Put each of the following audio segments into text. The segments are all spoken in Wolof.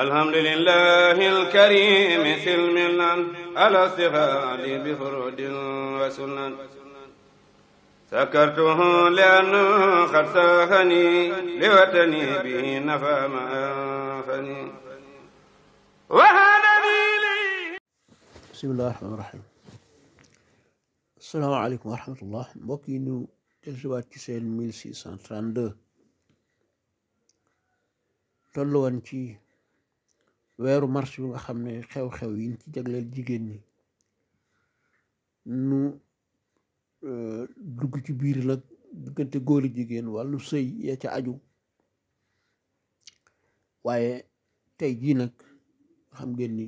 alhamdulillahi alkarimi silmilan ala sihadi bi furudin wa sunan sakartuhu liannu qad sahani liwatani bihi nafa ma anfani bismillahi rahmaani rahiim assalaamu aleykum wa rahmatullah mbokk yi ñu weeru mars yu nga xam ne xew-xew yi ci jagleel jigéen ñi nu euh, dugg ci biir nag diggante góor jigéen wàllu sëy ya ca aju waaye tey jii nag xam ngeen ni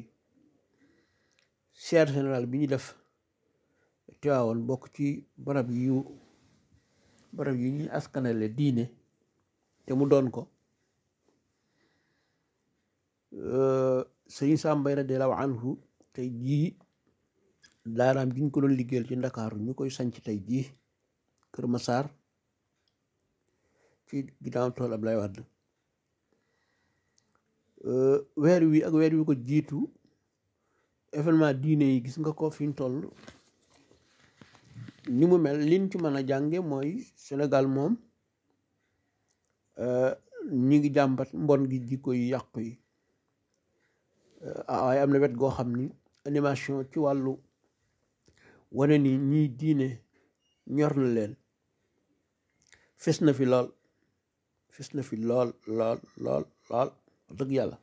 siyaar général bi ñu def Tiwaawan bokk ci barab yu barab yi ñuy askanale diine te mu doon ko sëñ Sam Mbaye radiyallahu anhu tey jii daaraam gi ñu ko doon liggéeyal ci ndakaaru ñu koy sanc tey jii Kër Massar ci ginnaaw tool Abdoulaye Wade eh, weer wi ak weer wi ko jiitu événement diine yi gis nga ko fi ñu toll ni mu mel liñ ci mën a jànge mooy senegal moom eh, ñi ngi jàmbat mbon gi jikko yu yàqu waaye euh, am na wet goo xam ni animation ci wàllu wane ni ñiy diine ñor na leen fes na fi lool fes na fi lool lool lool lool dëgg yàlla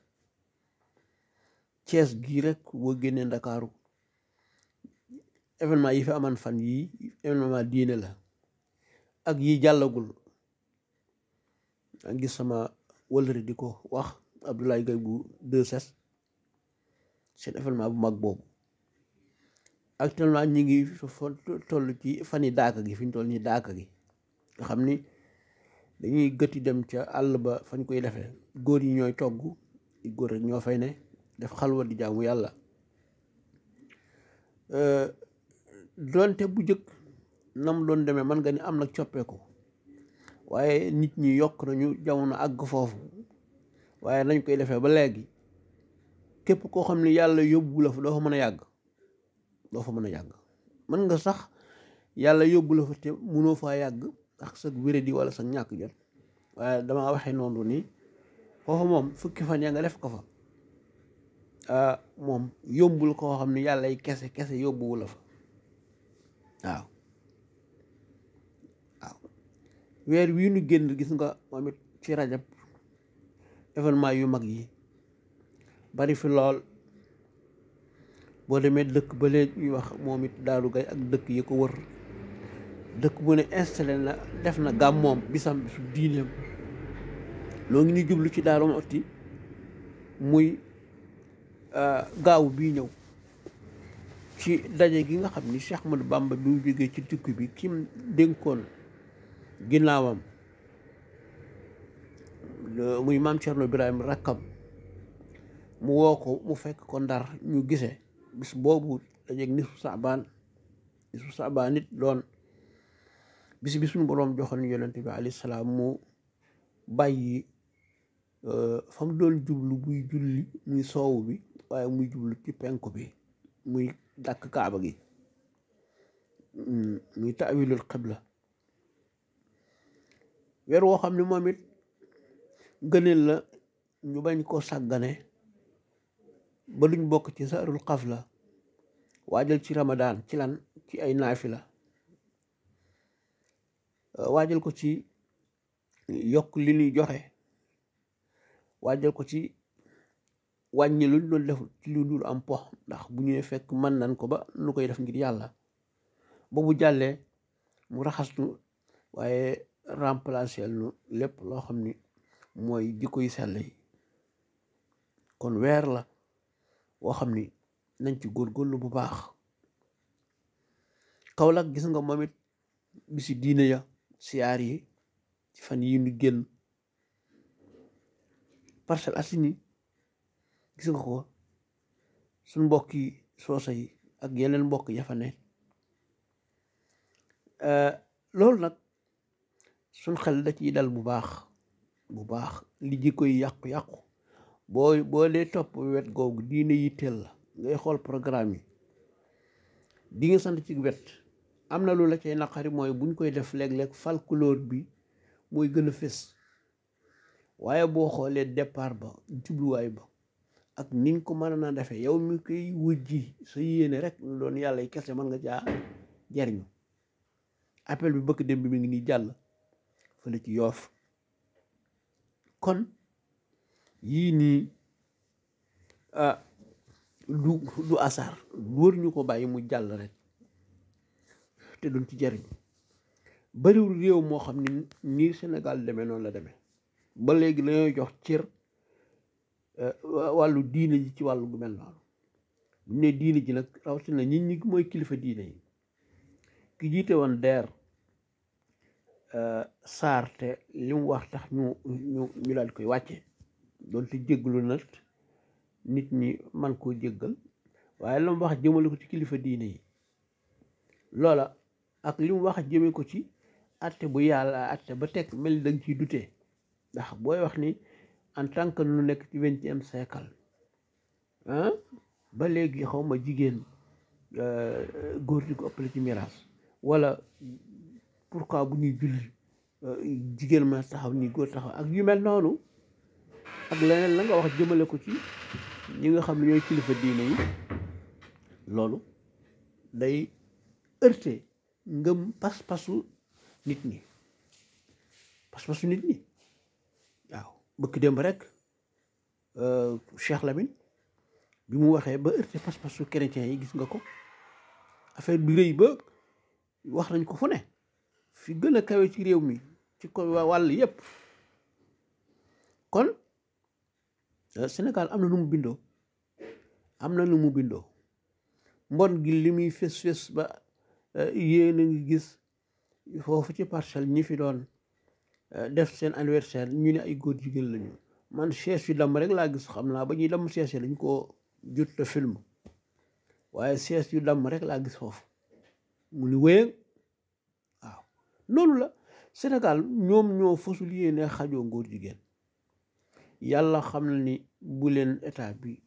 Cees gii rek boo génnee Ndakaaru événement yi fi aman fan yii événement diine la ak yi jàllagul ak gis sama wëlëri di ko wax Abdoulaye Gaye bu deux cet événement bu mag boobu actuellement ñi ngi fa toll ci fan yi daaka gi fi ñu toll nii daaka gi nga xam ni dañuy gëti dem ca àll ba fañ koy defee góor yi ñooy togg góor rek ñoo fay ne def xalwa di jaamu yàlla euh, doonte bu jëkk nam doon demee mën nga ni am nag coppeeku waaye nit ñi yokk nañu jamono àgg foofu waaye nañ koy defee ba léegi képp koo xam ne yàlla yóbbu la fa doo fa mën a yàgg doo fa mën a yàgg mën nga sax yàlla yóbbu la fa te mënoo faa yàgg ak sa wéradi wala sa ñàkk jot waaye dama waxee noonu nii foofu moom fukki fan yaa nga def ko fa ah, moom yóbbul koo xam ne yàlla ay kese kese yóbbuwula fa waaw waaw weer wii nu génn gis nga moom it ci rajab événement yu mag yi bari fi lool boo demee dëkk ba lee ñuy wax moom it Daaru Gay ak dëkk yi ko wër dëkk bu ne installé na def na gàmmoom bisam bisu diineem loo ngi ñu jublu ci Daaru Muxti muy euh, gaaw bi ñëw ci daje gi nga xam ni Cheikh Ahmadou Bamba bi mu jógee ci tukki bi kim dénkoon ginnaawam muy maam Cerno Birahim rakkam mu woo ko mu fekk ko ndar ñu gise bis boobu dajeeg nisu saabaan nisu saabaan it doon bis bi suñu boroom joxoon yonent bi alayhi salaam mu bàyyi euh, fam doon jublu buy julli muy soowu bi waaye muy jublu ci penku bi muy dàkk kaaba gi mm, muy taawilul xibla weer woo xam ni moom it la ñu bañ koo sàggane ba duñ bokk ci saarul xaf la waajal ci ramadaan ci lan ci ay naafi la euh, waajal ko ci yokk li nuy joxe waajal ko ci wàññi luñ doon def ci lu dul am pox ndax bu ñëwee fekk mën nañ ko ba nu koy def ngir yàlla ba bu jàllee mu raxas nu waaye remplacer nu lépp loo xam ni mooy jikko yu sell yi kon weer la woo xam ni nañ ci góorgóorlu bu baax Kaolack gis nga moom it bisi diine ya siyaar yi ci fan yi nu génn Parcelles Assainies gis nga ko suñ mbokk yi soosa ak yeneen mbokk ya fa ne euh, loolu nag suñ xel da ciy dal bu baax bu baax li jikko yi yàqu-yàqu boo boo dee topp wet googu diine yitteel la ngay xool programme yi di nga sant ci wet am na lu la cay naqari mooy buñ koy def léeg-léeg fal couleur bi mooy gën a fés waaye boo xoolee départ ba jubluwaay ba ak niñ ko mën naa defee yow mi koy wujji sa yéene rek lu doon yàlla yi kese mën nga jaar jariñu appel bi bëkk dem bi mi ngi nii jàll fële ci yoof kon yii nii ah, du du asaar wër ñu ko bàyyi mu jàll rek te duñ ci jariñ bariwul réew moo xam ne nii senegal deme noonu la deme ba léegi dañoo jox cër eh, wàllu diine ji ci wàllu gu mel noonu bu ne diine ji nag rawatina ñi ñi mooy kilifa diine yi ki jiite woon deer eh, saarte li mu wax tax ñu ñu ñu daal koy wàcce doonte jéggalu nag nit ñi man koo jéggal waaye la mu wax jëmale ko ci kilifa diine yi loola ak li mu wax jëme ko ci atte bu yàlla atte ba teg mel ni danga ciy dutee ndax booy wax ni en tant que lu nekk ci vingtième seekal ah ba léegi xaw ma jigéen euh, góor di ko ëppale ci miraas wala pourquoi bu ñuy julli euh, jigéen ma taxaw nii góor taxaw ak yu mel noonu ak leneen la nga wax jëmale ko ci ñi nga xam ñooy kilifa diine yi loolu day heurté ngëm pas-pasu nit ñi pas-pasu nit ñi waaw bëkk démb rek euh, Cheikh Lamine bi mu waxee ba heurté pas-pasu chrétien yi gis nga ko affaire bi rëy ba wax nañ ko fu ne fi gën a kawe ci réew mi ci ko wàll yépp kon Euh, Sénégal am na nu mu bindoo am na nu mu bindoo mbon gi li muy fés ba euh, yéen a ngi gis foofu ci parcelle ñi fi doon euh, def seen anniversaire ñu ne ay góor jigéen lañu man chaise yu damm rek laa gis xam naa ba ñuy damm chaise yi lañ koo waaye chaise yu damm rek foofu mu ni wéyëg waaw loolu la Sénégal ñoom ñoo fasul yéene xajoo ngóor jigéen yàlla xam na ni bu leen état bi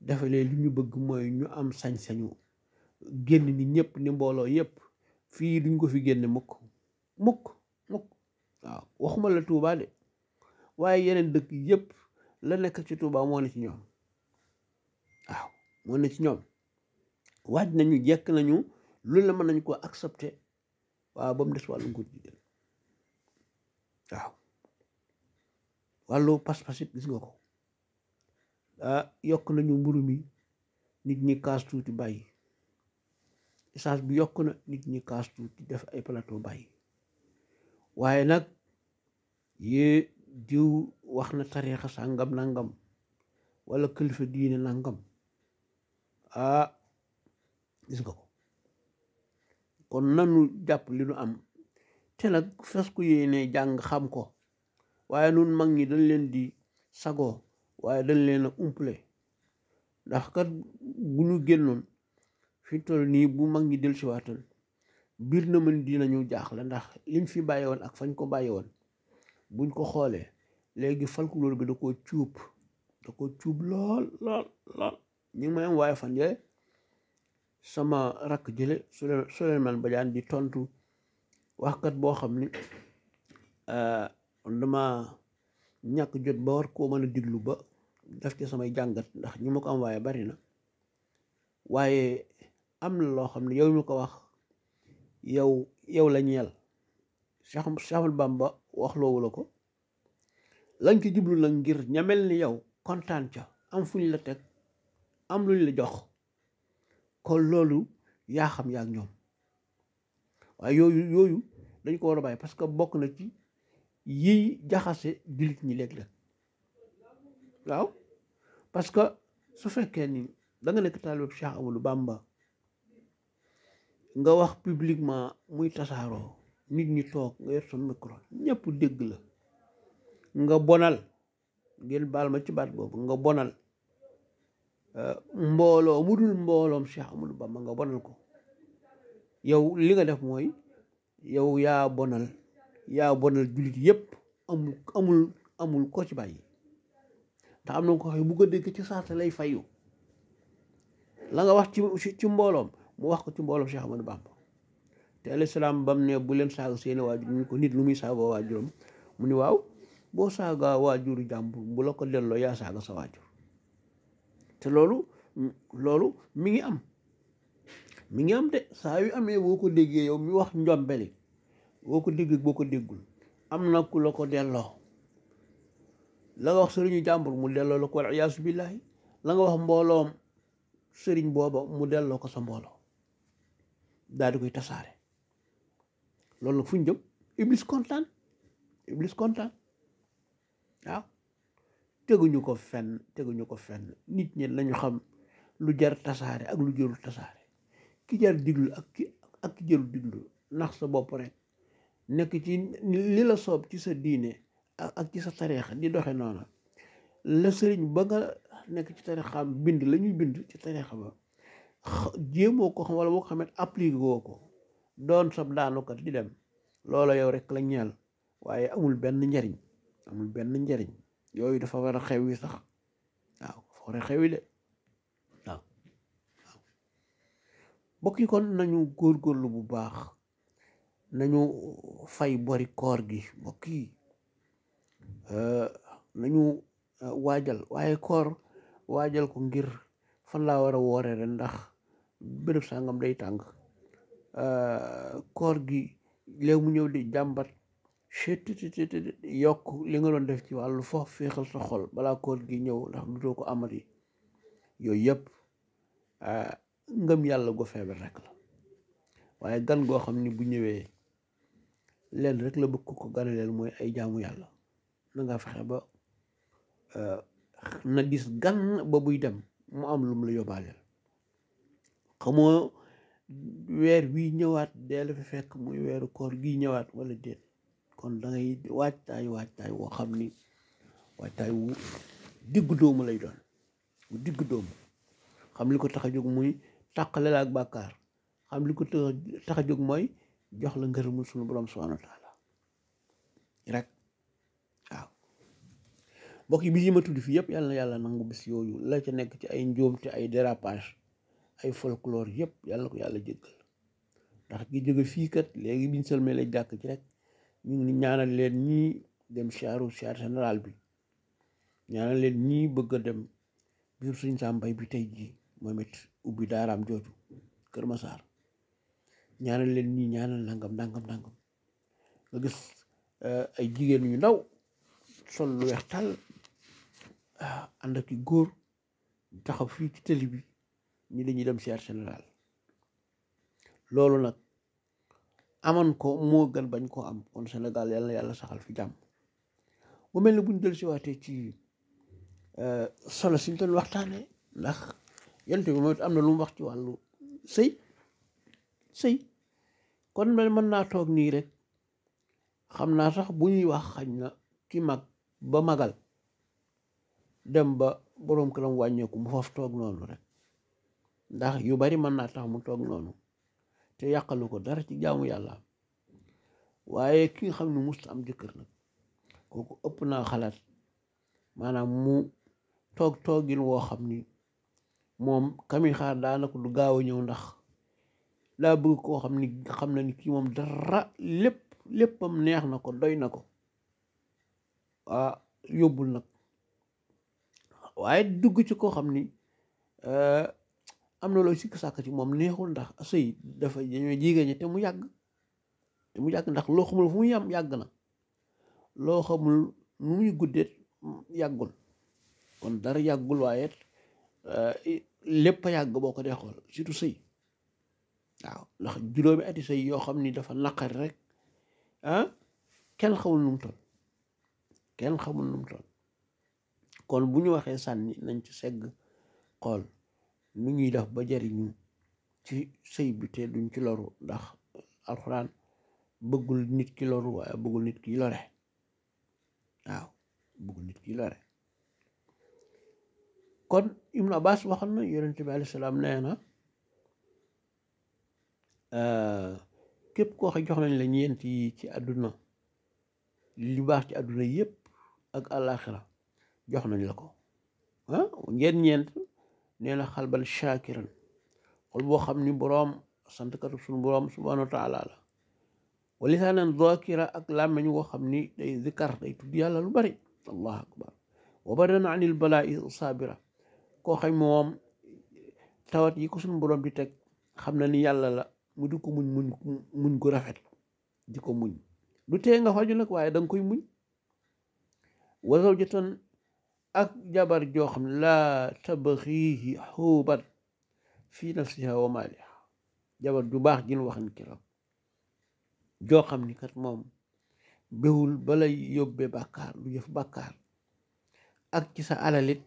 defalee lu ñu bëgg mooy ñu am sañ-sañu génn ni ñëpp ni mbooloo yépp fii duñ ko fi génne mukk mukk mukk waaw waxuma la Touba de waaye yeneen dëkk yépp la nekk ci Touba moo ne ci ñoom waaw moo ne ci ñoom waaj nañu jekk nañu lu la mën nañ ko accepté waaw ba mu des wàllu nguur gi waaw wàllu pas-pas it gis nga ko ah yokk nañu mburu mi nit ñi kaas tuuti bàyyi essence bi yokk na nit ñi kaas tuuti def ay plateau bàyyi waaye nag yee diw wax na tariixa sàngam nangam wala kilifa diine nangam ah gis nga ko kon nanu jàpp li nu am te nag fes ku yéene jàng xam ko waaye nun mag ñi dañ leen di sagoo waaye dañ leen a umple ndax kat bu ñu génnoon fi toll nii bu mag ñi del biir na mën dinañu jaaxle ndax liñ fi bàyyi woon ak fañ ko bàyyi woon buñ ko xoolee léegi folklore bi da koo cuub da koo cuub lool lool lool ñu am waaye fan yee sama rakk jële Souleymane Badiane di tontu waxkat boo xam ni euh, kon dama ñàkk jot ba war koo mën a diglu ba def ci samay jàngat ndax ñi ma ko am waaye bari na waaye am na loo xam ne yow ko wax yow yow la ñeel Cheikh Cheikhul Bamba wax loowu la ko lañ ci diblu nag ngir ñamel ni yow kontaan ca am fuñ la teg am luñ la jox kon loolu yaa xam yaa ak ñoom waaye yooyu yooyu dañ ko war a bàyyi parce que bokk na ci yiy jaxase jullit ñi léeg la waaw parce que su fekkee ni danga nga nekk taalibu Cheikh Amadou Bamba nga wax publiquement muy tasaaroo nit ñi toog nga yor sa micro ñëpp dégg la nga bonal ngeen baal ma ci baat boobu nga bonal euh, mbooloo mu dul mbooloom Cheikh Amadou Bamba nga bonal ko yow li nga def mooy yow yaa bonal yaa bonal jullit yëpp amul amul amul koo ci bàyyi ndax am na ko xam bu ko dégg ci saasa lay fayu la nga wax ci ci mbooloom mu wax ko ci mbooloom Cheikh Ahmadou Bamba te ba salaam bam ne bu leen saaga seeni waajur ñu ko nit lu muy saaga waajuram mu ni waaw boo saaga waajuru jàmbur bu la ko delloo yaa saaga sa waajur te loolu loolu mi ngi am mi ngi am de saa yu amee boo ko déggee yow mi wax njombeli boo ko dégg boo ko déggul am na ku la ko delloo la nga wax sëriñu jàmbur mu delloo la ko wal iyaasu billaahi la nga wax mbooloom sëriñ booba mu delloo ko sa mbooloo daal di koy tasaare loolu nag fu ñu jëm iblis kontaan iblis kontaan waaw teguñu ko fenn teguñu ko fenn nit ñi lañu xam lu jar tasaare ak lu jarul tasaare ki jar diglu ak ki ak ki jarul diglu ndax sa bopp rek nekk ci li la soob ci sa diine ak ci sa tariixa di doxe noonu la sëriñ ba nga nekk ci tariixaam bind la bind ci tariixa ba jéemoo ko xam wala boo ko xamee appliqué woo ko doon sab daanukat di dem loola yow rek la ñeel waaye amul benn njariñ amul benn njariñ yooyu dafa war a xew yi sax waaw dafa war a xew yi de waaw waaw mbokk kon nañu góorgóorlu bu baax nañu fay bori koor gi mbokk yi eh, nañu eh, waajal waaye koor waajal ko ngir fan laa war a woore ren ndax béréb sàngam day tàng eh, koor gi léegi mu ñëw di jàmbat chet yokk li nga doon def ci wàllu foof féexal sa xol balaa koor gi ñëw ndax dutoo ko amati yooyu yëpp ngëm yàlla gu feebar rek la waaye gan goo xam ni bu ñëwee leen rek la bëgg ko gane leen mooy ay jaamu yàlla na nga fexe ba euh, na gis gan ba buy dem mu am lu mu la yóbbaaleel xamoo weer wii ñëwaat dee la fi fekk muy weeru koor gi ñëwaat wala déet kon da ngay waajtaay waajtaay woo xam ni waajtaay wu diggu doomu lay doon wu diggu doomu xam li ko tax muy tàqale ak bàkkaar xam li ko tax a jóg mooy jox la ngërëmul sunu borom subhanahu wa taala rek waaw mbokk yi bi yi ma tudd fii yëpp yàlla na yàlla nangu bis yooyu la ci nekk ci ay njuumte ay dérapage ay folklore yëpp yàlla ko yàlla jéggal ndax gi jóge fii kat léegi biñ sëlmee lay jàkk ci rek ñu ngi ñaanal leen ñii dem chaaru chaar général bi ñaanal leen ñii bëgg a dem biir suñ sàmbay bi tey jii moom it ubbi daaraam jooju Kër Masaar ñaanal leen ñii ñaanal nangam nangam nangam nga gis eh, ay jigéen yu ndaw sol lu weex tàll ah, ànd ak i góor taxaw fii ci tëli bi ñi dañuy dem siyaar général loolu nag aman ko moo gën bañ koo am on Sénégal yal yàlla saxal fi jàmm mu mel ni buñ eh, si siwaatee ci solo siñ doon waxtaane ndax yonent bi moom it am na lu mu wax ci wàllu sëy sëy kon man mën naa toog nii rek xam naa sax bu ñuy wax xañ na ki mag ba magal dem ba boroom këram wàññeeku mu foofu toog noonu rek ndax yu bari mën naa tax mu toog noonu te yàqalu ko dara ci jaamu yàlla waaye ki xam ne musta am jëkkër nag kooku ëpp naa xalaat maanaam mu toog toogin woo xam ni moom kami xaar daanaka du gaaw a ñëw ndax daa bëgg koo xam ni xam na ni kii moom dara lépp lépp léppam neex na ko doy na ko ah yóbbul nag waaye dugg ci koo xam ni eh, am na loo sikk sàkk ci moom neexul ndax sëy dafa dañoo jigéen ñi te mu yàgg te mu yàgg ndax loo xamul fu mu yam yàgg na loo xamul nu muy guddee yàggul kon dara yàggul waaye eh, lépp a yàgg boo ko dee xool surtout sëy waaw ndax juróomi ati sëy yoo xam ni dafa naqari rek ah, kenn xamul nu mu kenn xamul nu mu toll kon bu ñu waxee sànni nañ ci segg xool nu ñuy def ba jariñu ci sëy bi te duñ ci loru ndax alxuraan bëggul nit ki bëggul nit ki lore waaw bëggul nit ki lore kon Ibnu Abbas waxoon na yonente bi alayhi salaam nee na Euh, képp ko xam jox nañ la ñeent yi ci àdduna li baax ci àdduna yépp ak àllaaxira jox nañ la ko ah ngeen ñeent nee na xalban shaakiran xol boo xam ni boroom sant katu suñu boroom subhaanahu wa taala la wa lisaanan zaakira ak làmmeñ woo xam ni day zikar day tudd yàlla lu bari allah akbar wa badan anil balaa'i saabira koo xam moom yi ko suñu boroom di teg xam na ni yàlla la mu di ko muñ muñ muñ rafet di ko muñ du tee nga xaju nag waaye danga koy muñ wa zawjatan ak jabar joo xam ne laa tabaxiihi xuubat fii nafsiha wa maaliha jabar ju baax jin waxan kiram joo xam ni kat moom béwul bala yóbbe bàkkaar lu jëf bàkkaar ak ci sa alalit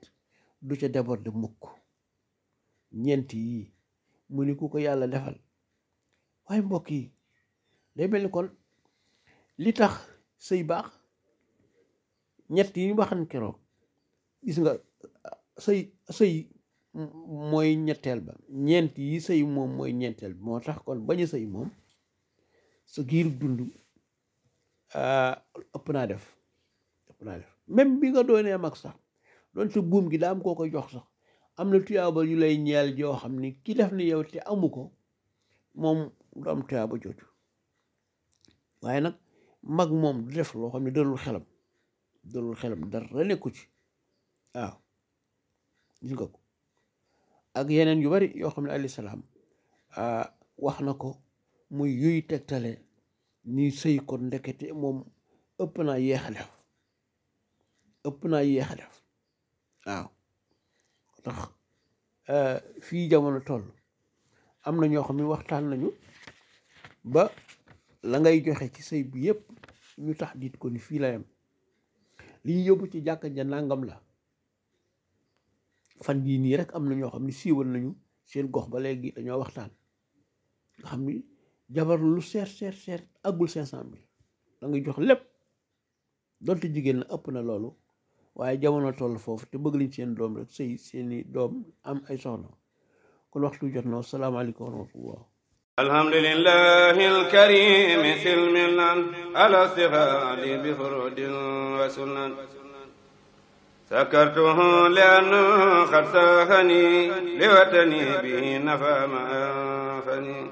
du ca déborde mukk ñeent yi mu ni ku ko yàlla defal waaye mbokk yi day mel ni kon li tax sëy baax ñett yi ñu waxan keroog gis nga sëy sëy mooy ñetteel ba ñeent yi sëy moom mooy ñeenteel moo tax kon bañ a sëy moom sa giir dund ah, ëpp naa def ëpp naa def même bi nga doonee mag sax doonte buum gi daa am koo ko jox sax am na tuyaaba yu lay ñeel joo xam ni ki def ni yow te amu ko moom du am tuyaaba jooju waaye nag mag moom du def loo xam ne dalul xelam dalul xelam dara nekku ci waaw gis nga ko ak yeneen yu bari yoo xam ne alayhi salaam ah, wax na ko muy yuy tegtale ni sëy kon ndekete moom ëpp naa yeex a def ëpp naa yeex a def waaw ndax eh, fii jamono toll am na ñoo xam ne waxtaan nañu ba la ngay joxe ci sëy bi yépp ñu tax diit ko ni fii la yam li ñu yóbbu ci jàkka ja nàngam la fan yii nii rek am na ñoo xam ne siiwal nañu seen gox ba léegi dañoo waxtaan nga xam ni jabar lu seer seer seer àggul cinq cent mille da ngay jox lépp donte jigéen la ëpp na loolu waaye jamono toll foofu te bëgg liñ seen doom rek sëy seeni doom am ay soxna kon waxtu jot na asalaamaaleykum wa rahmatullah alhamdulillahi alkarimi silmilan alastihadi bi furudin wa sunan sakartuhu lianna qad sahani liwatani bihi nafa ma anfani